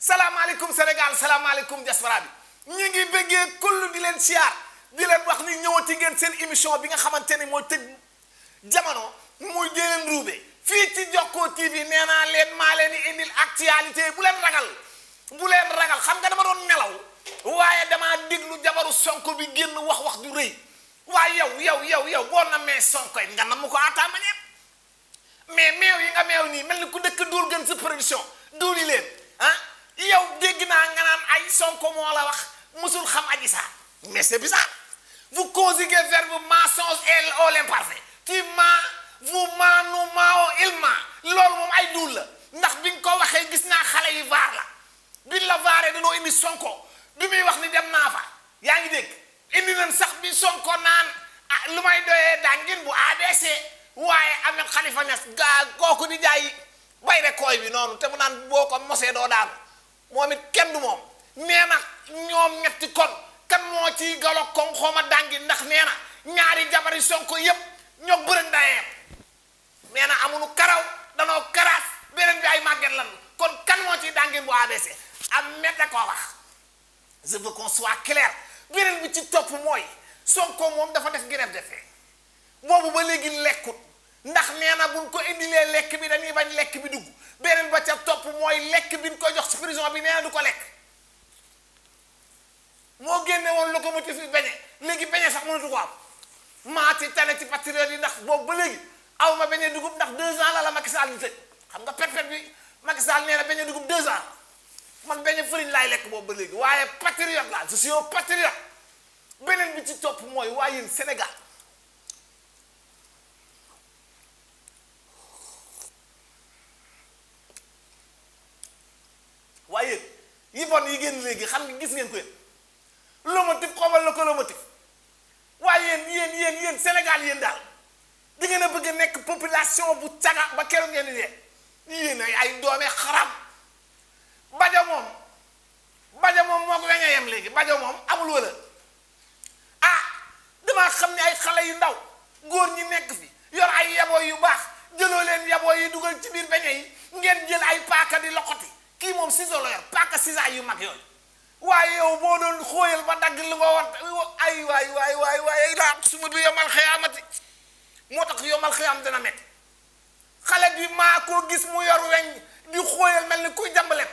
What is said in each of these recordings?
salaamaaleykum Sénégal salaamaaleykum diaspora bi ñu ngi bëggee kull di leen siyaar di leen wax ni ñëwati ngeen seen émission bi nga xamante ni mooy tëj jamono muy dee leen ruube fii ci Jokko TV nee naa leen maa leen di indil actualité bu leen ragal bu leen ragal xam nga dama doon nelaw waaye damaa déglu jabaru Sonko bi génn wax wax du rëy waaye yow yow yow yow na namee Sonko yi nga nam ko à mais meew yi nga meew nii mel ni ku dëkk duul gën sa leen. Sonko mo la wax musul xam Adji mais c'est bizarre vous conjuguez verbe mensonge elle au l'imparfait tu ma vous ma nous ment il ma loolu mom ay duul ndax bi nga ko waxe gis na xalé yi la biñ la vaaree dañoo indi Sonko bi mi wax ni dem na fa ya ngi deg indi nan sax bi Sonko nan ah, lumay doye may bu ADC waye Ahmed Khalifa Niass gaa kooku di jaay bay koy bi noonu te mu nan boko mosé do doo momit nee na ñoom ñetti kon kan moo ci galo kon xooma dàngi ndax nee na ñaari yi sonko yépp ñoo bërëg dayee nee na amuñu karaw danoo karaas beneen bi ay màgget lan kon kan moo ci dàngin bu ABC am mette koo wax je veux qu'on soit beneen bi ci topp mooy sonko moom dafa def grève de faim boobu ba léegi lekkut ndax nee na buñ ko indilee lekk bi dañuy bañ lekk bi dugg beneen ba ca topp mooy lekk biñ ko jox ci prison bi nee du ko lekk moo génne woon locomotive yi beñe léegi beñe sax mënatu ko am maa ci tane ci patriote yi ndax boobu ba léegi aw ma beñe dugub ndax deux ans la la Macky Sall di xam nga perpète bi Macky Sall nee na beñe dugub deux ans man beñe fëriñ laay lekk boobu ba léegi waaye patriote la je suis un patriote beneen bi ci topp mooy waa yéen Sénégal waaye yi bon yi génn léegi xam nga gis ngeen ko yéen Sénégal yéen daal di ngeen a bëgg a nekk population bu caga ba keroog ngeen di dee yéen ay doome xaram bajo moom bajo moom moo ko weñee yem léegi bajo moom amul wala ah damaa xam ne ay xale yu ndaw góor ñi nekk fi yor ay yaboo yu baax jëloo leen yaboo yi dugal ci biir beñe yi ngeen jël ay paaka di loxoti kii moom ciseaux la yor paaka ciseaux yu mag yooyu waaye yow boo doon xóoyal ba dagg li nga war ay waay waay waay waay daa suma du yomal xëyaamati moo tax yomal xëyaam dina metti xale bi maa koo gis mu yor weñ di xóoyal ni kuy jàmbale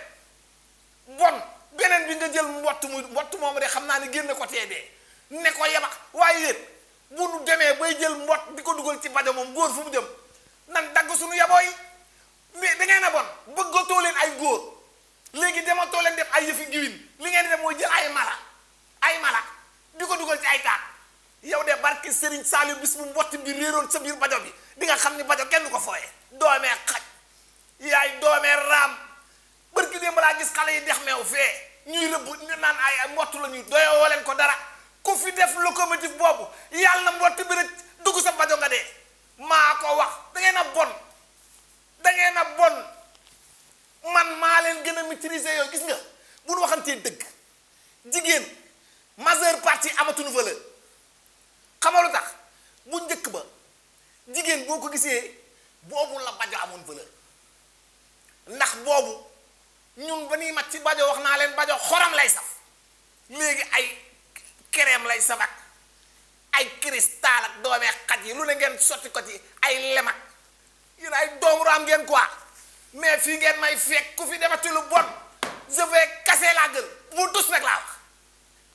bon beneen bi nga jël mbott mu mbott moom xam naa ne génne ko tee dee ne ko yabax waaye yéen bu nu demee bay jël mbott bi ko dugal ci bajo moom góor fu mu jëm nan dagg suñu yaboo yi mais na ngeen a bon bëggatoo leen ay góor léegi dematoo leen def ay yëfi giwin li ngeen def mooy jël ay mala ay mala di ko duggal ci ay taat yow de barke Serigne Saliou bis bu mbott bi réeroon sa biir bajo bi di nga xam ni bajo kenn du ko fooye doomee xaj yaay doomee raam barki démb laa gis xale yi dex meew fee ñuy rëbb naan ay mbott la ñuy doyoo leen ko dara ku fi def locomotive boobu bu nu waxantee dëgg jigéen majeure partie amatuñu valeur xamalu tax bu njëkk ba jigéen boo ko gisee boobu la bajo amoon valeur ndax boobu ñun ba ñuy mat ci bajo wax naa leen bajo xorom lay saf léegi ay crème lay saf ak ay cristal ak doomee xaj yi lu ne ngeen sotti ko ci ay lem ak yéen ay doomu raam ngeen quoi mais fii ngeen may fekk ku fi defati lu bon je vais maa gën mu dus nag laa wax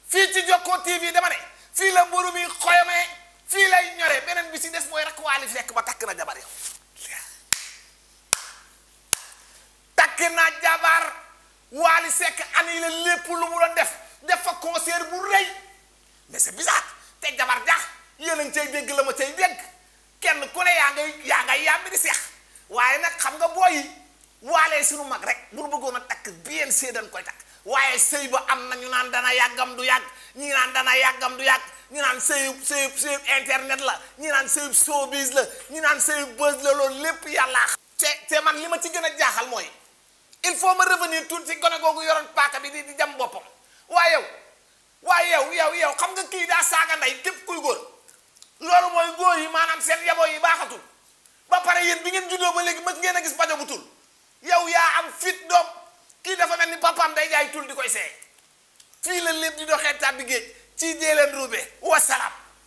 fii ci Jokko TV dama ne fii la mburu mi xoyamee fii lay ñoree beneen bi si def mooy rakk waali fekk ba takk na jabar yow takk na jabar waali sekk ani la lépp lu mu doon def def fa concert bu rëy mais c'est bizarre te jabar jax yéen cay dégg la ma cay dégg kenn ku ne yaa ngay yaa ngay yàmbi di seex waaye nag xam nga booy yi waalee suñu mag rek bu nu bëggoon a takk bien see dañ koy takk waaye sëy ba am na ñu naan dana yàggam du yàgg ñi naan dana yàggam du yàgg ñi naan sëyub sëyub sëyub internet la ñu naan sëyub biis la ñu naan sëyub buzz la loolu lépp yàlla te te man li ma ci gën a jaaxal mooy il faut ma revenir tout ci gone googu yoron paaka bi di di jam boppam waa yow waaye yow yow yow xam nga kii daa saaga ndey képp kuy góor loolu mooy góor yi maanaam seen yaboo yi baaxatul ba pare yéen bi ngeen juddoo ba léegi mës ngeen a gis bajo bu tul yow yaa am fit doom kii dafa mel ni papaam day jaay tul di koy seey fii la lépp di doxee tàbbi géej ci dee leen ruube